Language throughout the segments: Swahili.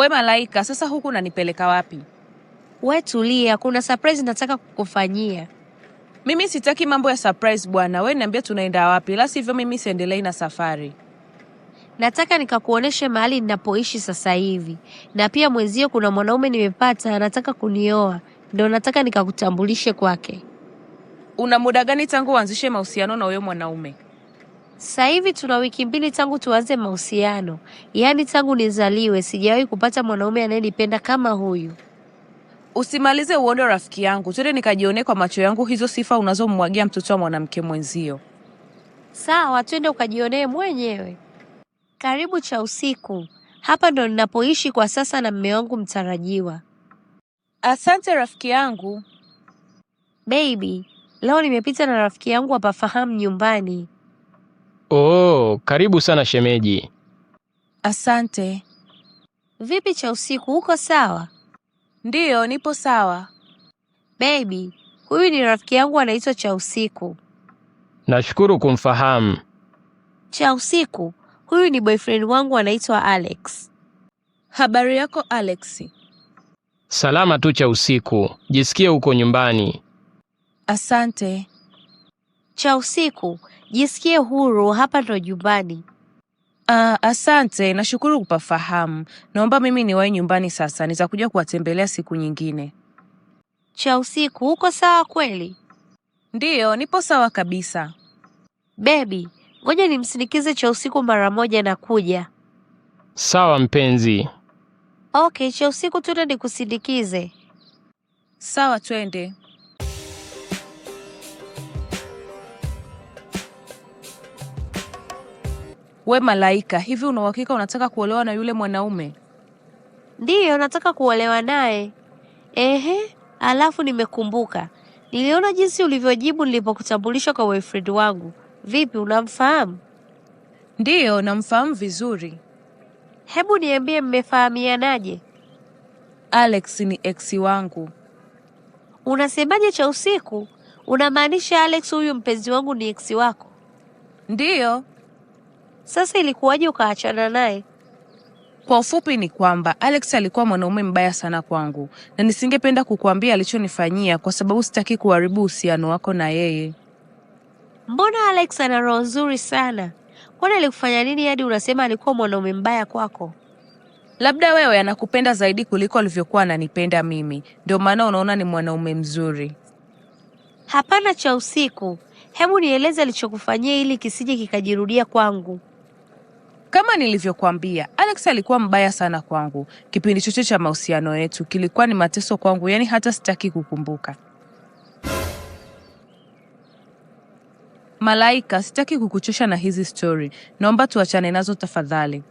We Malaika, sasa huku unanipeleka wapi? We tulia, kuna surprise nataka kukufanyia. Mimi sitaki mambo ya surprise bwana, we niambia tunaenda wapi, la sivyo mimi siendelei na safari. Nataka nikakuoneshe mahali ninapoishi sasa hivi, na pia mwenzio, kuna mwanaume nimepata anataka kunioa, ndo nataka nikakutambulishe kwake. Una muda gani tangu uanzishe mahusiano na huyo mwanaume? Sasa hivi tuna wiki mbili tangu tuanze mahusiano, yaani tangu nizaliwe sijawahi kupata mwanaume anayenipenda kama huyu. Usimalize uondo rafiki yangu, twende nikajionee kwa macho yangu hizo sifa unazomwagia mtoto wa mwanamke mwenzio. Sawa, twende ukajionee mwenyewe. Karibu cha usiku. Hapa ndo ninapoishi kwa sasa na mme wangu mtarajiwa. Asante rafiki yangu. Baby, leo nimepita na rafiki yangu apafahamu nyumbani. Oh, karibu sana shemeji. Asante. Vipi cha usiku, uko sawa? Ndiyo, nipo sawa. Baby, huyu ni rafiki yangu anaitwa cha usiku. Nashukuru kumfahamu. Cha usiku, huyu ni boyfriend wangu anaitwa Alex. Habari yako Alex? Salama tu cha usiku, jisikie uko nyumbani. Asante. Cha usiku, Jisikie huru, hapa ndo nyumbani. Ah, asante, nashukuru kupafahamu. Naomba mimi niwahi nyumbani sasa, nitakuja kuwatembelea siku nyingine. Cha usiku, uko sawa kweli? Ndiyo, nipo sawa kabisa. Bebi, ngoja nimsindikize Cha usiku mara moja na kuja. Sawa mpenzi. Okay, Cha usiku, tuende nikusindikize. Sawa, twende. We Malaika, hivi una uhakika unataka kuolewa na yule mwanaume? Ndiyo, nataka kuolewa naye. Ehe, alafu nimekumbuka, niliona jinsi ulivyojibu nilipokutambulishwa kwa boyfriend wangu. Vipi, unamfahamu? Ndiyo, namfahamu vizuri. Hebu niambie, mmefahamianaje? Alex ni ex wangu. Unasemaje cha usiku? Unamaanisha Alex huyu mpenzi wangu ni ex wako? Ndiyo. Sasa ilikuwaje ukaachana naye? Kwa ufupi ni kwamba Alex alikuwa mwanaume mbaya sana kwangu, na nisingependa kukuambia alichonifanyia kwa sababu sitaki kuharibu uhusiano wako na yeye. Mbona Alex ana roho nzuri sana? Kwani alikufanya nini hadi unasema alikuwa mwanaume mbaya kwako? Labda wewe anakupenda zaidi kuliko alivyokuwa ananipenda mimi, ndio maana unaona ni mwanaume mzuri. Hapana cha usiku, hebu nieleze alichokufanyia ili kisije kikajirudia kwangu. Kama nilivyokuambia, Alex alikuwa mbaya sana kwangu. Kipindi chote cha mahusiano yetu kilikuwa ni mateso kwangu, yani hata sitaki kukumbuka. Malaika, sitaki kukuchosha na hizi stori, naomba tuachane nazo tafadhali.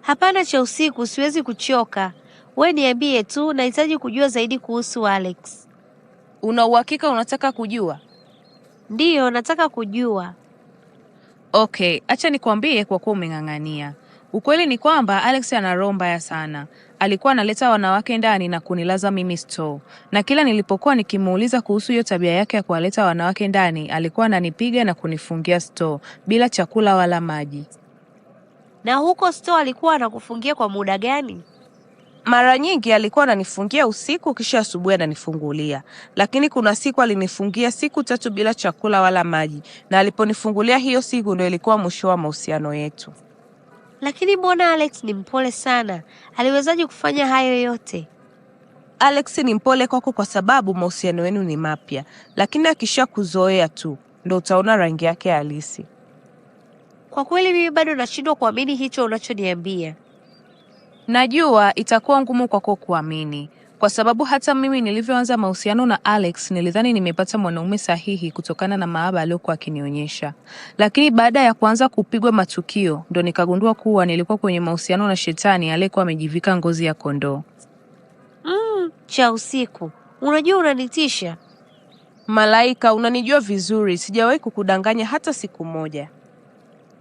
Hapana cha usiku, siwezi kuchoka. We niambie tu, nahitaji kujua zaidi kuhusu Alex. Una uhakika unataka kujua? Ndiyo, nataka kujua. Okay, acha nikwambie, kwa kuwa umeng'ang'ania. Ukweli ni kwamba Alex ana roho mbaya sana. Alikuwa analeta wanawake ndani na kunilaza mimi store, na kila nilipokuwa nikimuuliza kuhusu hiyo tabia yake ya kuwaleta wanawake ndani, alikuwa ananipiga na kunifungia store bila chakula wala maji. Na huko store alikuwa anakufungia kwa muda gani? Mara nyingi alikuwa ananifungia usiku kisha asubuhi ananifungulia, lakini kuna siku alinifungia siku tatu bila chakula wala maji, na aliponifungulia hiyo siku ndio ilikuwa mwisho wa mahusiano yetu. Lakini mbona Alex ni mpole sana, aliwezaje kufanya hayo yote? Alex ni mpole kwako kwa sababu mahusiano yenu ni mapya, lakini akishakuzoea tu ndo utaona rangi yake halisi. Kwa kweli mimi bado nashindwa kuamini hicho unachoniambia. Najua itakuwa ngumu kwako kuamini, kwa sababu hata mimi nilivyoanza mahusiano na Alex nilidhani nimepata mwanaume sahihi kutokana na maaba aliyokuwa akinionyesha, lakini baada ya kuanza kupigwa matukio ndo nikagundua kuwa nilikuwa kwenye mahusiano na shetani aliyekuwa amejivika ngozi ya kondoo. Mm, cha usiku, unajua unanitisha. Malaika, unanijua vizuri, sijawahi kukudanganya hata siku moja.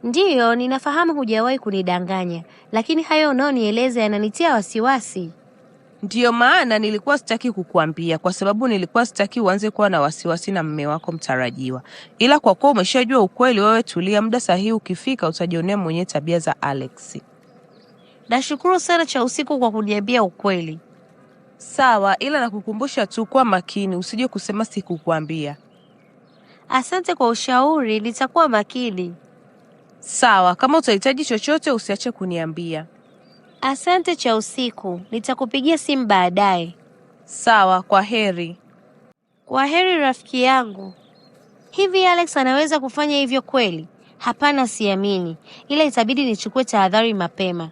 Ndiyo, ninafahamu hujawahi kunidanganya, lakini hayo unaonieleza yananitia wasiwasi. Ndiyo maana nilikuwa sitaki kukuambia, kwa sababu nilikuwa sitaki uanze kuwa na wasiwasi na mme wako mtarajiwa. Ila kwa kuwa umeshajua ukweli, wewe tulia, muda sahihi ukifika utajionea mwenyewe tabia za Alex. Nashukuru sana cha usiku kwa kuniambia ukweli. Sawa, ila nakukumbusha tu, kuwa makini, usije kusema sikukuambia. Asante kwa ushauri, nitakuwa makini. Sawa, kama utahitaji chochote usiache kuniambia. Asante cha usiku, nitakupigia simu baadaye. Sawa, kwa heri. Kwa heri rafiki yangu. Hivi Alex anaweza kufanya hivyo kweli? Hapana, siamini, ila itabidi nichukue tahadhari mapema.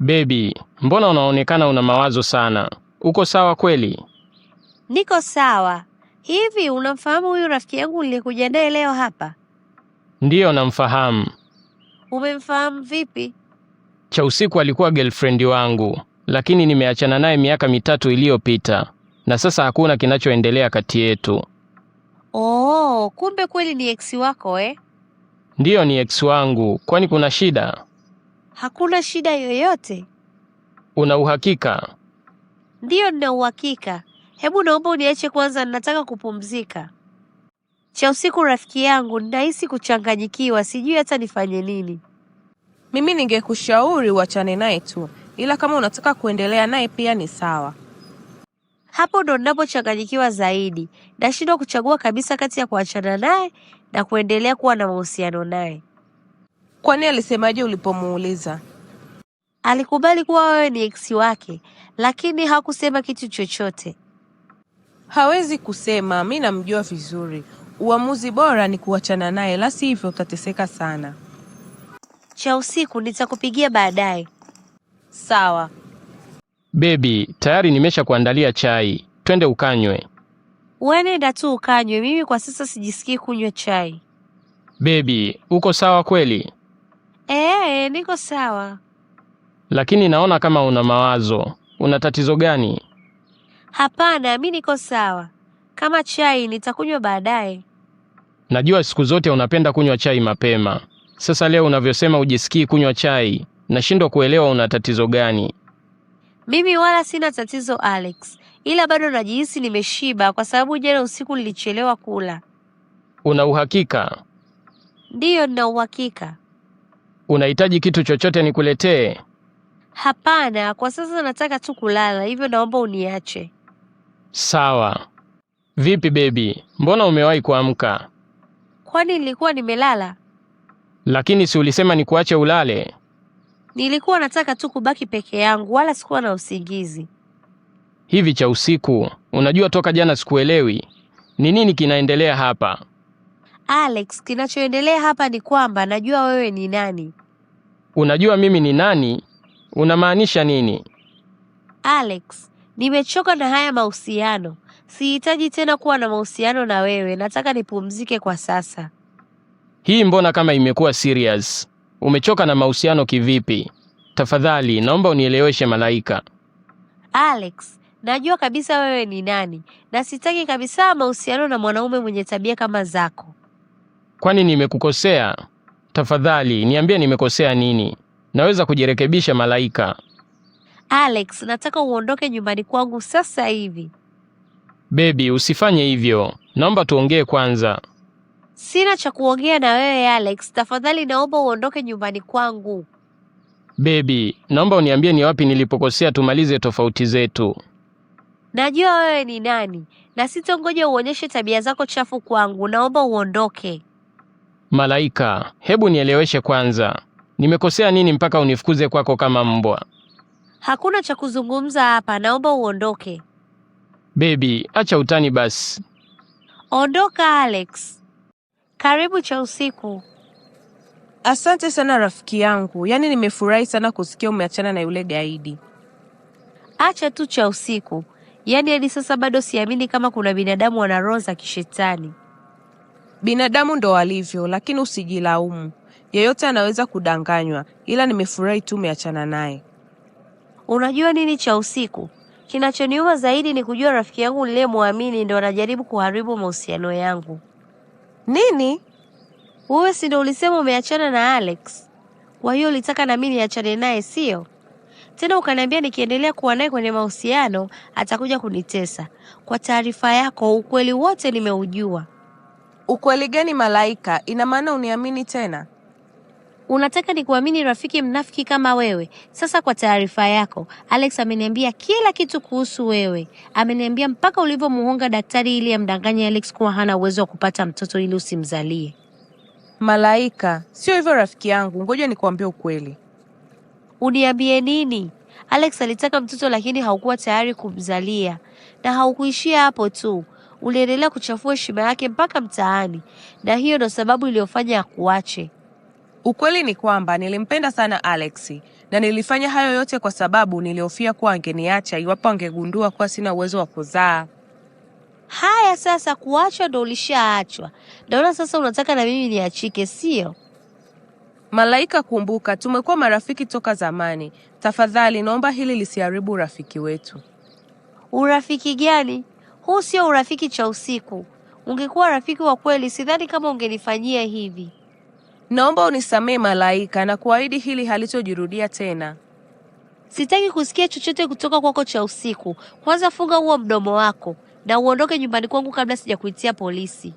Bebi, mbona unaonekana una mawazo sana? Uko sawa kweli? Niko sawa, Hivi unamfahamu huyu rafiki yangu nilikuja naye leo hapa? Ndiyo, namfahamu. Umemfahamu vipi? Cha usiku alikuwa girlfriend wangu, lakini nimeachana naye miaka mitatu iliyopita na sasa hakuna kinachoendelea kati yetu. Oh, kumbe kweli ni ex wako eh? Ndiyo, ni ex wangu. Kwani kuna shida? Hakuna shida yoyote. Una uhakika? Ndiyo, nina uhakika. Hebu naomba uniache kwanza, ninataka kupumzika. Cha usiku rafiki yangu, ninahisi kuchanganyikiwa, sijui hata nifanye nini. Mimi ningekushauri uachane naye tu, ila kama unataka kuendelea naye pia ni sawa. Hapo ndo ninapochanganyikiwa zaidi, nashindwa kuchagua kabisa kati ya kuachana naye na kuendelea kuwa na mahusiano naye. Kwani alisemaje ulipomuuliza? Alikubali kuwa wewe ni ex wake, lakini hakusema kitu chochote. Hawezi kusema mi namjua vizuri. Uamuzi bora ni kuachana naye, la sivyo utateseka sana. Cha usiku nitakupigia baadaye. Sawa bebi, tayari nimesha kuandalia chai, twende ukanywe. Wenenda tu ukanywe, mimi kwa sasa sijisikii kunywa chai. Bebi, uko sawa kweli? Ee, niko sawa, lakini naona kama una mawazo. Una tatizo gani? Hapana, mi niko sawa. Kama chai nitakunywa baadaye. Najua siku zote unapenda kunywa chai mapema. Sasa leo unavyosema ujisikii kunywa chai, nashindwa kuelewa una tatizo gani? Mimi wala sina tatizo Alex, ila bado najihisi nimeshiba kwa sababu jana usiku nilichelewa kula. Una uhakika? Ndiyo, nina uhakika. Unahitaji kitu chochote nikuletee? Hapana, kwa sasa nataka tu kulala, hivyo naomba uniache. Sawa. Vipi bebi, mbona umewahi kuamka? Kwani nilikuwa nimelala? Lakini si ulisema nikuache ulale? Nilikuwa nataka tu kubaki peke yangu, wala sikuwa na usingizi. Hivi cha usiku, unajua toka jana sikuelewi ni nini kinaendelea hapa. Alex, kinachoendelea hapa ni kwamba najua wewe ni nani. Unajua mimi ni nani? Unamaanisha nini? Alex, Nimechoka na haya mahusiano, sihitaji tena kuwa na mahusiano na wewe, nataka nipumzike kwa sasa. Hii mbona kama imekuwa serious? Umechoka na mahusiano kivipi? Tafadhali naomba unieleweshe Malaika. Alex, najua kabisa wewe ni nani na sitaki kabisa mahusiano na mwanaume mwenye tabia kama zako. Kwani nimekukosea? Tafadhali niambie nimekosea nini, naweza kujirekebisha Malaika. Alex, nataka uondoke nyumbani kwangu sasa hivi. Bebi, usifanye hivyo, naomba tuongee kwanza. Sina cha kuongea na wewe Alex, tafadhali naomba uondoke nyumbani kwangu. Bebi, naomba uniambie ni wapi nilipokosea, tumalize tofauti zetu. Najua wewe ni nani na sitongoja uonyeshe tabia zako chafu kwangu. Naomba uondoke. Malaika, hebu nieleweshe kwanza, nimekosea nini mpaka unifukuze kwako kama mbwa? Hakuna cha kuzungumza hapa, naomba uondoke. Baby, acha utani basi. Ondoka Alex. Karibu cha usiku. Asante sana rafiki yangu, yaani nimefurahi sana kusikia umeachana na yule gaidi. Acha tu cha usiku, yaani hadi sasa bado siamini kama kuna binadamu wana roho za kishetani. Binadamu ndo walivyo, lakini usijilaumu. Yeyote anaweza kudanganywa, ila nimefurahi tu umeachana naye. Unajua nini cha usiku kinachoniuma zaidi ni kujua rafiki yangu niliyemwamini ndo anajaribu kuharibu mahusiano yangu. Nini? Wewe si ndo ulisema umeachana na Alex? Kwa hiyo ulitaka na mimi niachane naye, sio? Tena ukaniambia nikiendelea kuwa naye kwenye mahusiano atakuja kunitesa. Kwa taarifa yako, ukweli wote nimeujua. Ukweli gani Malaika? Ina maana uniamini tena? Unataka ni kuamini rafiki mnafiki kama wewe? Sasa kwa taarifa yako, Alex ameniambia kila kitu kuhusu wewe. Ameniambia mpaka ulivyomuhonga daktari ili amdanganye Alex kuwa hana uwezo wa kupata mtoto ili usimzalie. Malaika, sio hivyo rafiki yangu, ngoja nikuambie ukweli. Uniambie nini? Alex alitaka mtoto lakini haukuwa tayari kumzalia, na haukuishia hapo tu, uliendelea kuchafua heshima yake mpaka mtaani, na hiyo ndo sababu iliyofanya akuache. Ukweli ni kwamba nilimpenda sana Alex na nilifanya hayo yote kwa sababu nilihofia kuwa angeniacha iwapo angegundua kuwa sina uwezo wa kuzaa. Haya sasa, kuachwa ndo ulishaachwa. Naona sasa unataka na mimi niachike, sio? Malaika, kumbuka tumekuwa marafiki toka zamani. Tafadhali naomba hili lisiharibu urafiki wetu. Urafiki gani huu? Sio urafiki cha usiku. Ungekuwa rafiki wa kweli, sidhani kama ungenifanyia hivi. Naomba unisamehe malaika na kuahidi hili halitojirudia tena. Sitaki kusikia chochote kutoka kwako cha usiku. Kwanza funga huo mdomo wako na uondoke nyumbani kwangu kabla sijakuitia polisi.